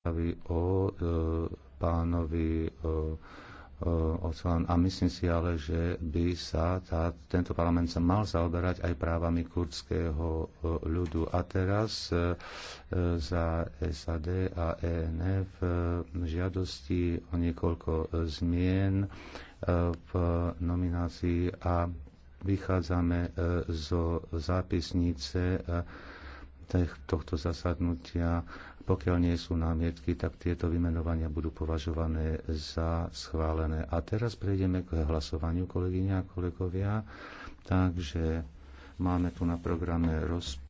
správy o e, pánovi e, A myslím si ale, že by sa tá, tento parlament sa mal zaoberať aj právami kurdského e, ľudu. A teraz e, e, za SAD a ENF žiadosti o niekoľko zmien v nominácii a vychádzame zo zápisnice tohto zasadnutia. Pokiaľ nie sú námietky, tak tieto vymenovania budú považované za schválené. A teraz prejdeme k hlasovaniu, kolegyňa a kolegovia. Takže máme tu na programe rozpočet.